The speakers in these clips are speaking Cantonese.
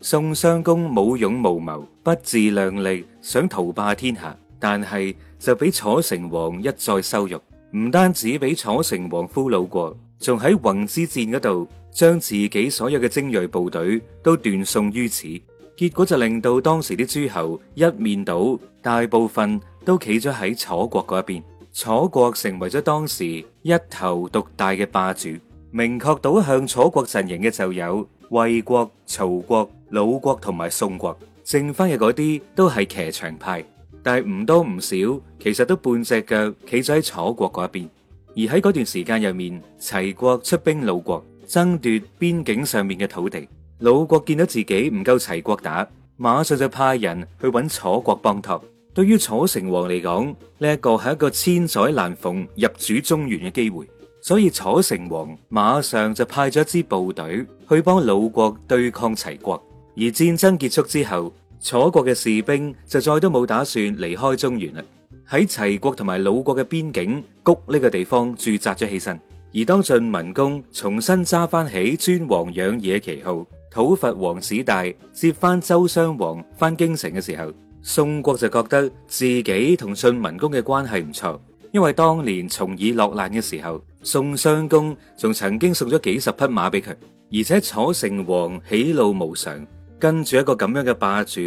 宋襄公冇勇無謀，不自量力，想圖霸天下，但係就俾楚成王一再羞辱。唔單止俾楚成王俘虜過，仲喺泓之戰嗰度將自己所有嘅精銳部隊都斷送於此。結果就令到當時啲諸侯一面倒，大部分都企咗喺楚國嗰一邊。楚國成為咗當時一頭獨大嘅霸主。明確倒向楚國陣營嘅就有，魏國、曹國、魯國同埋宋國，剩翻嘅嗰啲都係騎牆派，但係唔多唔少，其實都半隻腳企咗喺楚國嗰一邊。而喺嗰段時間入面，齊國出兵魯國，爭奪邊境上面嘅土地。魯國見到自己唔夠齊國打，馬上就派人去搵楚國幫托。對於楚成王嚟講，呢一個係一個千載難逢入主中原嘅機會。所以楚成王馬上就派咗一支部隊去幫魯國對抗齊國。而戰爭結束之後，楚國嘅士兵就再都冇打算離開中原啦。喺齊國同埋魯國嘅邊境谷呢個地方駐紮咗起身。而當晉文公重新揸翻起尊王攘夷旗號，討伐王子帶，接翻周襄王翻京城嘅時候，宋國就覺得自己同晉文公嘅關係唔錯，因為當年重耳落難嘅時候。宋襄公仲曾經送咗幾十匹馬俾佢，而且楚成王喜怒無常，跟住一個咁樣嘅霸主，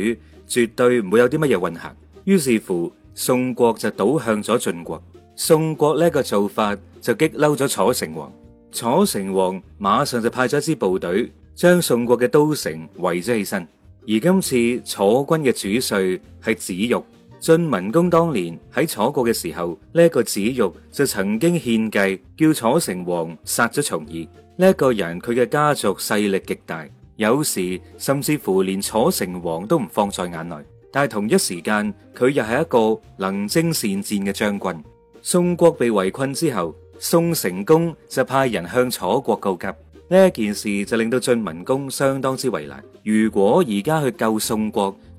絕對唔會有啲乜嘢運行。於是乎，宋國就倒向咗晉國。宋國呢個做法就激嬲咗楚成王，楚成王馬上就派咗一支部隊將宋國嘅都城圍咗起身。而今次楚軍嘅主帥係子玉。晉文公當年喺楚國嘅時候，呢一個子玉就曾經獻計，叫楚成王殺咗重耳。呢一個人佢嘅家族勢力極大，有時甚至乎連楚成王都唔放在眼內。但係同一時間，佢又係一個能征善戰嘅將軍。宋國被圍困之後，宋成公就派人向楚國告急。呢件事就令到晉文公相當之為難。如果而家去救宋國，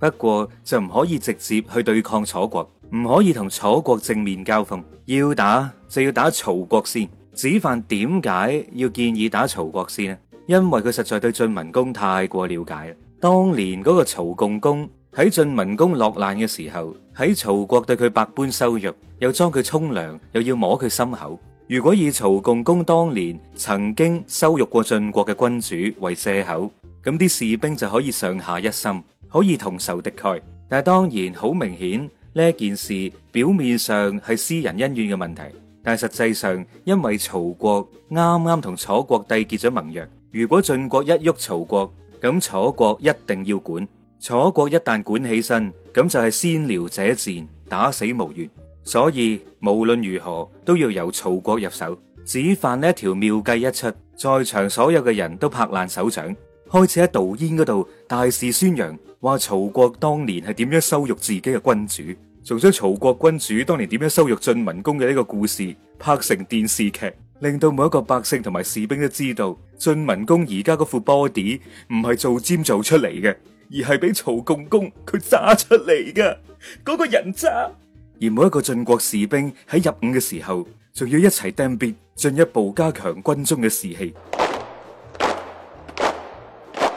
不過就唔可以直接去對抗楚國，唔可以同楚國正面交鋒。要打就要打曹國先。子范點解要建議打曹國先呢？因為佢實在對晉文公太過了解了。當年嗰個曹共公喺晉文公落難嘅時候，喺曹國對佢百般羞辱，又裝佢沖涼，又要摸佢心口。如果以曹共公當年曾經羞辱過晉國嘅君主為借口，咁啲士兵就可以上下一心。可以同仇敵愾，但係當然好明顯呢一件事表面上係私人恩怨嘅問題，但係實際上因為曹國啱啱同楚國締結咗盟約，如果晉國一喐曹國，咁楚國一定要管。楚國一旦管起身，咁就係先撩者賤，打死無怨。所以無論如何都要由曹國入手。子犯呢一條妙計一出，在場所有嘅人都拍爛手掌，開始喺杜淹嗰度大肆宣揚。話曹國當年係點樣羞辱自己嘅君主，仲將曹國君主當年點樣羞辱晉文公嘅呢個故事拍成電視劇，令到每一個百姓同埋士兵都知道晉文公而家嗰副 body 唔係做尖做出嚟嘅，而係俾曹共公佢炸出嚟噶，嗰、那個人渣。而每一個晉國士兵喺入伍嘅時候，仲要一齊 Dem Beat，進一步加強軍中嘅士氣。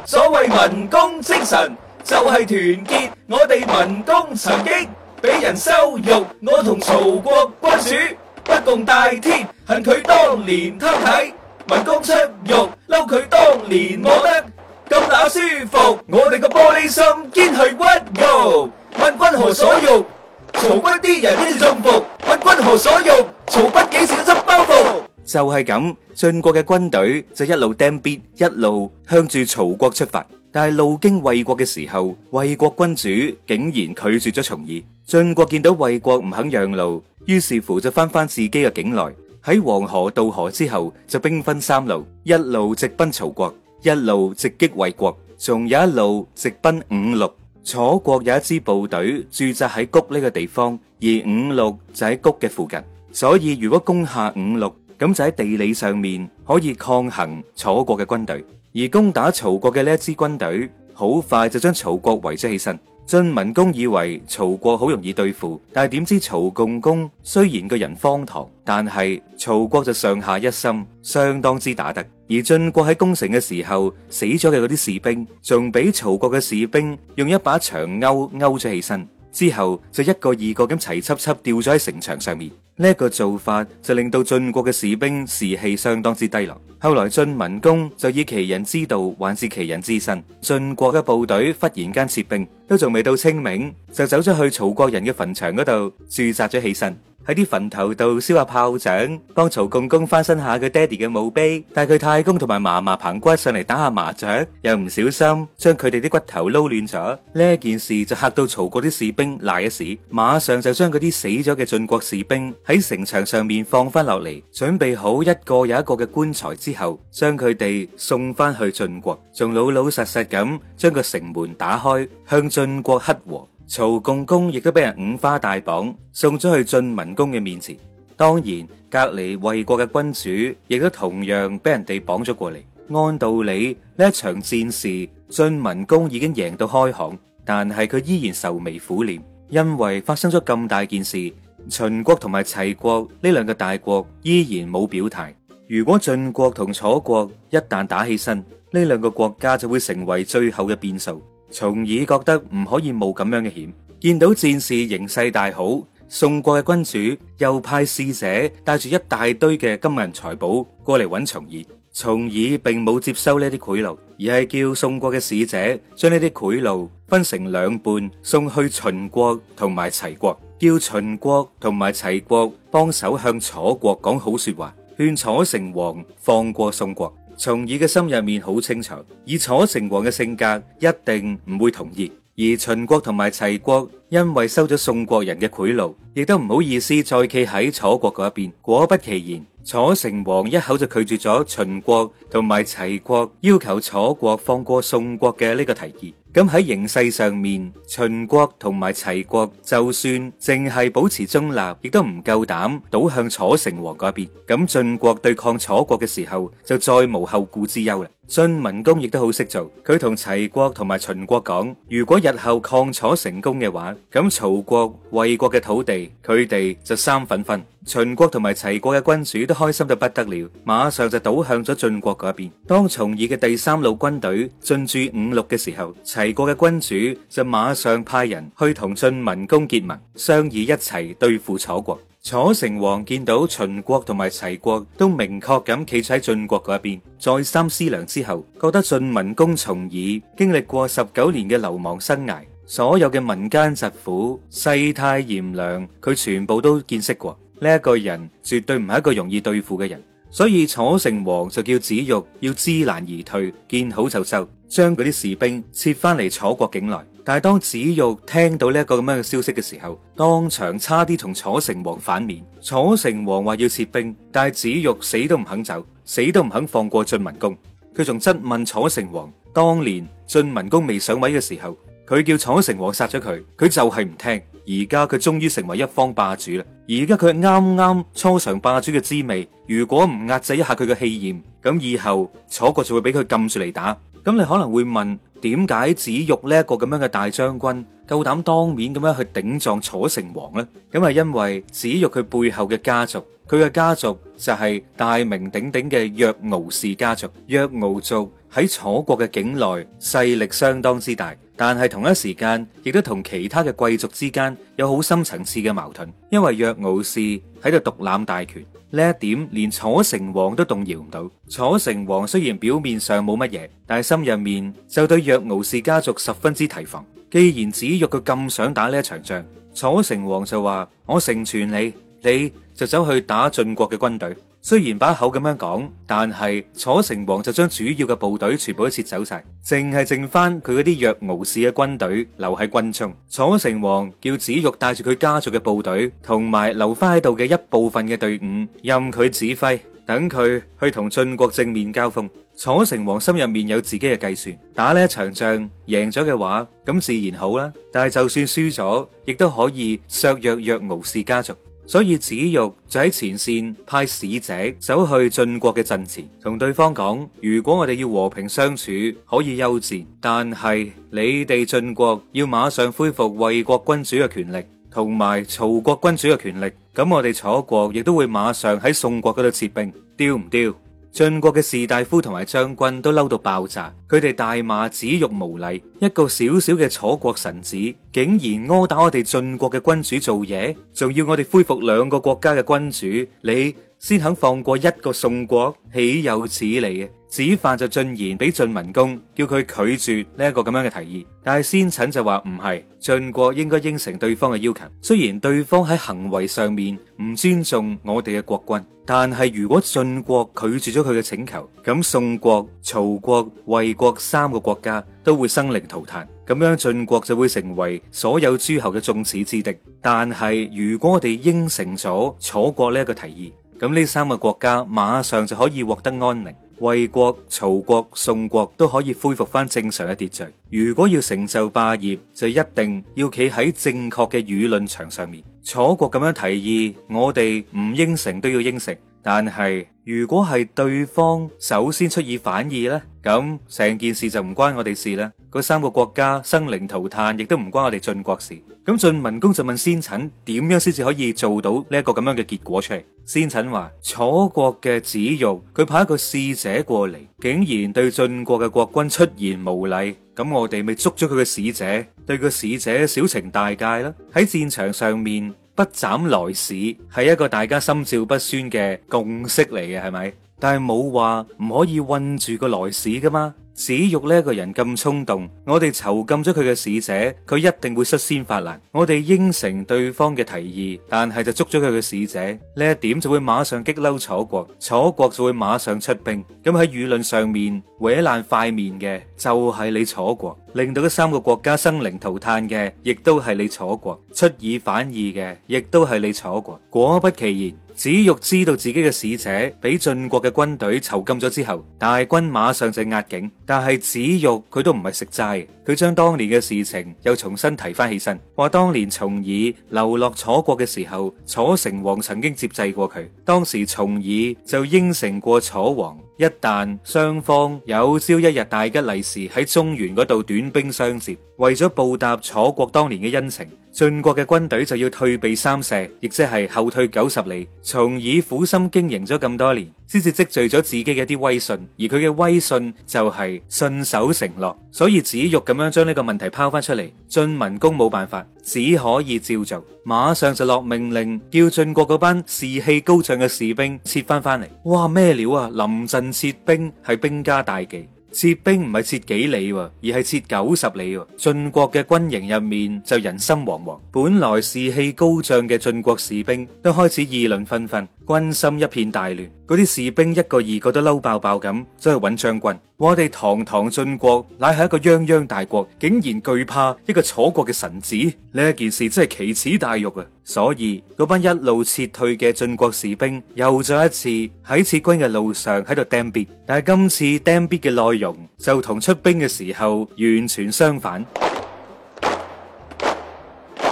所謂文公精神。就係團結，我哋民工曾經俾人羞辱，我同曹國君主不共戴天，恨佢當年偷睇民工出浴，嬲佢當年我得咁乸舒服，我哋個玻璃心堅係屈辱！問君何所欲？曹軍啲人呢仲服？問君何所欲？曹不幾時執包袱？就係咁，晉國嘅軍隊就一路 dem beat，一路向住曹國出發。但係路經魏國嘅時候，衛國君主竟然拒絕咗從而，晉國見到衛國唔肯讓路，於是乎就返返自己嘅境內，喺黃河渡河之後就兵分三路，一路直奔曹國，一路直擊衛國，仲有一路直奔五六。楚國有一支部隊駐紮喺谷呢個地方，而五六就喺谷嘅附近，所以如果攻下五六，咁就喺地理上面可以抗衡楚國嘅軍隊。而攻打曹國嘅呢支軍隊，好快就將曹國圍咗起身。晉文公以為曹國好容易對付，但係點知曹共公雖然個人荒唐，但係曹國就上下一心，相當之打得。而晉國喺攻城嘅時候，死咗嘅嗰啲士兵，仲俾曹國嘅士兵用一把長鈎鈎咗起身。之後就一個二個咁齊輯輯掉咗喺城牆上面，呢、這、一個做法就令到晉國嘅士兵士氣相當之低落。後來晉文公就以其人之道還治其人之身，晉國嘅部隊忽然間撤兵，都仲未到清明就走咗去曹國人嘅墳場嗰度駐紮咗起身。喺啲墳頭度燒下、啊、炮仗，幫曹共公翻身下佢爹哋嘅墓碑，帶佢太公同埋嫲嫲棚骨上嚟打下麻雀，又唔小心將佢哋啲骨頭撈亂咗，呢一件事就嚇到曹國啲士兵賴一屎，馬上就將嗰啲死咗嘅晉國士兵喺城牆上面放翻落嚟，準備好一個又一個嘅棺材之後，將佢哋送翻去晉國，仲老老實實咁將個城門打開向晉國乞和。曹共公亦都俾人五花大綁，送咗去晉文公嘅面前。當然，隔籬衛國嘅君主亦都同樣俾人哋綁咗過嚟。按道理呢一場戰事，晉文公已經贏到開行，但係佢依然愁眉苦臉，因為發生咗咁大件事。秦國同埋齊國呢兩個大國依然冇表態。如果晉國同楚國一旦打起身，呢兩個國家就會成為最後嘅變數。重耳覺得唔可以冒咁樣嘅險，見到戰事形勢大好，宋國嘅君主又派使者帶住一大堆嘅金銀財寶過嚟揾重耳，重耳並冇接收呢一啲賄賂，而係叫宋國嘅使者將呢啲賄賂分成兩半送去秦國同埋齊國，叫秦國同埋齊國幫手向楚國講好說話，勸楚成王放過宋國。重耳嘅心入面好清楚，以楚成王嘅性格一定唔會同意。而秦國同埋齊國因為收咗宋國人嘅賄賂，亦都唔好意思再企喺楚國嗰一邊。果不其然，楚成王一口就拒絕咗秦國同埋齊國要求楚國放過宋國嘅呢個提議。咁、嗯、喺形勢上面，秦國同埋齊國就算淨係保持中立，亦都唔夠膽倒向楚成王嗰邊。咁、嗯、晉國對抗楚國嘅時候，就再無後顧之憂啦。晉文公亦都好識做，佢同齊國同埋秦國講，如果日後抗楚成功嘅話，咁曹國、魏國嘅土地，佢哋就三分分。秦國同埋齊國嘅君主都開心到不得了，馬上就倒向咗晉國嗰一邊。當從義嘅第三路軍隊進駐五陸嘅時候，齊國嘅君主就馬上派人去同晉文公結盟，商議一齊對付楚國。楚成王見到秦國同埋齊國都明確咁企喺晉國嗰一邊，再三思量之後，覺得晉文公重耳經歷過十九年嘅流亡生涯，所有嘅民間疾苦、世態炎涼，佢全部都見識過。呢一個人絕對唔係一個容易對付嘅人，所以楚成王就叫子玉要知難而退，見好就收，將嗰啲士兵撤翻嚟楚國境內。但係當子玉聽到呢一個咁樣嘅消息嘅時候，當場差啲同楚成王反面。楚成王話要撤兵，但係子玉死都唔肯走，死都唔肯放過晉文公。佢仲質問楚成王：當年晉文公未上位嘅時候，佢叫楚成王殺咗佢，佢就係唔聽。而家佢終於成為一方霸主啦。而家佢啱啱初嘗霸主嘅滋味，如果唔壓制一下佢嘅氣焰，咁以後楚國就會俾佢撳住嚟打。咁你可能會問？點解子玉呢一個咁樣嘅大將軍夠膽當面咁樣去頂撞楚成王呢？咁係因為子玉佢背後嘅家族，佢嘅家族就係大名鼎鼎嘅若敖氏家族。若敖族喺楚國嘅境內勢力相當之大。但係同一時間，亦都同其他嘅貴族之間有好深層次嘅矛盾，因為若敖氏喺度獨攬大權，呢一點連楚成王都動搖唔到。楚成王雖然表面上冇乜嘢，但係心入面就對若敖氏家族十分之提防。既然子玉佢咁想打呢一場仗，楚成王就話：我成全你，你就走去打晉國嘅軍隊。雖然把口咁樣講，但係楚成王就將主要嘅部隊全部都撤走晒，淨係剩翻佢嗰啲若敖氏嘅軍隊留喺軍中。楚成王叫子玉帶住佢家族嘅部隊，同埋留翻喺度嘅一部分嘅隊伍，任佢指揮，等佢去同晉國正面交鋒。楚成王心入面有自己嘅計算，打呢一場仗贏咗嘅話，咁自然好啦。但係就算輸咗，亦都可以削弱若敖氏家族。所以子玉就喺前線派使者走去晉國嘅陣前，同對方講：如果我哋要和平相處，可以休戰；但係你哋晉國要馬上恢復衛國君主嘅權力，同埋曹國君主嘅權力，咁我哋楚國亦都會馬上喺宋國嗰度撤兵，丟唔丟？晉國嘅士大夫同埋將軍都嬲到爆炸，佢哋大罵子玉無禮，一個小小嘅楚國臣子，竟然叫我哋晉國嘅君主做嘢，仲要我哋恢復兩個國家嘅君主，你。先肯放過一個宋國，豈有此理嘅？子犯就進言俾晉文公，叫佢拒絕呢一個咁樣嘅提議。但係先軫就話唔係，晉國應該應承對方嘅要求。雖然對方喺行為上面唔尊重我哋嘅國君，但係如果晉國拒絕咗佢嘅請求，咁宋國、曹國、衛國三個國家都會生靈塗炭。咁樣晉國就會成為所有諸侯嘅眾矢之的。但係如果我哋應承咗楚國呢一個提議。咁呢三個國家馬上就可以獲得安寧，衛國、曹國、宋國都可以恢復返正常嘅秩序。如果要成就霸業，就一定要企喺正確嘅輿論場上面。楚國咁樣提議，我哋唔應承都要應承，但係如果係對方首先出爾反爾呢，咁成件事就唔關我哋事啦。嗰三個國家生靈塗炭，亦都唔關我哋晉國事。咁晉文公就問先軫點樣先至可以做到呢一個咁樣嘅結果出嚟？先軫話：楚國嘅子玉，佢派一個使者過嚟，竟然對晉國嘅國君出言無禮。咁我哋咪捉咗佢嘅使者，對個使者小懲大戒啦。喺戰場上面不斬來使，係一個大家心照不宣嘅共識嚟嘅，係咪？但係冇話唔可以韞住個來使㗎嘛？子玉呢一個人咁衝動，我哋囚禁咗佢嘅使者，佢一定會率先發難。我哋應承對方嘅提議，但係就捉咗佢嘅使者呢一點，就會馬上激嬲楚國，楚國就會馬上出兵。咁喺輿論上面搲爛塊面嘅就係你楚國，令到呢三個國家生靈塗炭嘅，亦都係你楚國，出爾反爾嘅，亦都係你楚國。果不其然。子玉知道自己嘅使者俾晉國嘅軍隊囚禁咗之後，大軍馬上就壓境。但係子玉佢都唔係食齋，佢將當年嘅事情又重新提翻起身，話當年重耳流落楚國嘅時候，楚成王曾經接濟過佢。當時重耳就應承過楚王，一旦雙方有朝一日大吉利時喺中原嗰度短兵相接，為咗報答楚國當年嘅恩情。晉國嘅軍隊就要退避三舍，亦即係後退九十里。從以苦心經營咗咁多年，先至積聚咗自己嘅一啲威信，而佢嘅威信就係信守承諾。所以子玉咁樣將呢個問題拋翻出嚟，晉文公冇辦法，只可以照做，馬上就落命令，叫晉國嗰班士氣高漲嘅士兵撤翻翻嚟。哇，咩料啊！臨陣撤兵係兵家大忌。撤兵唔係撤幾里喎，而係撤九十里喎。晉國嘅軍營入面就人心惶惶，本來士氣高漲嘅晉國士兵都開始議論紛紛，軍心一片大亂。嗰啲士兵一個二個都嬲爆爆咁，走去揾將軍。我哋堂堂晉國，乃係一個泱泱大國，竟然懼怕一個楚國嘅臣子，呢一件事真係奇恥大辱啊！所以嗰班一路撤退嘅晉國士兵，又再一次喺撤軍嘅路上喺度 Dem Beat，但係今次 Dem Beat 嘅內容就同出兵嘅時候完全相反。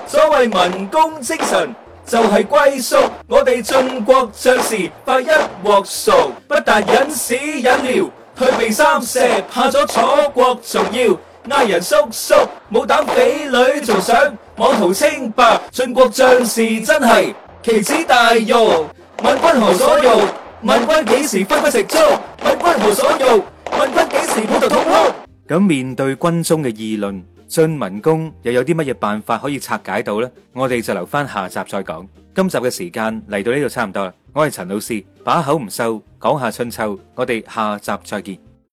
所謂民工精神，就係、是、歸宿。我哋晉國將士發一鑊熟，不但忍屎忍尿。退避三舍，怕咗楚國重要，嗌人叔叔冇膽俾女做想，妄圖清白，晉國將士真係奇恥大辱，問君何所用？問君幾時分分食粥？問君何所用？問君幾時躺在土鋪？咁面對軍中嘅議論，晉文公又有啲乜嘢辦法可以拆解到呢？我哋就留翻下集再講。今集嘅時間嚟到呢度差唔多啦。我係陳老師，把口唔收，講下春秋，我哋下集再見。